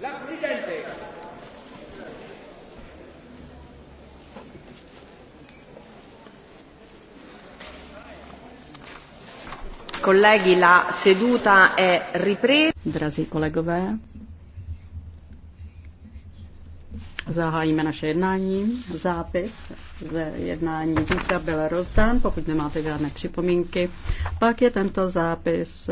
La Presidente. la seduta è ripresa. Drazí kolegové, Zahájíme naše jednání. Zápis ze jednání zítra byl rozdán. Pokud nemáte žádné připomínky, pak je tento zápis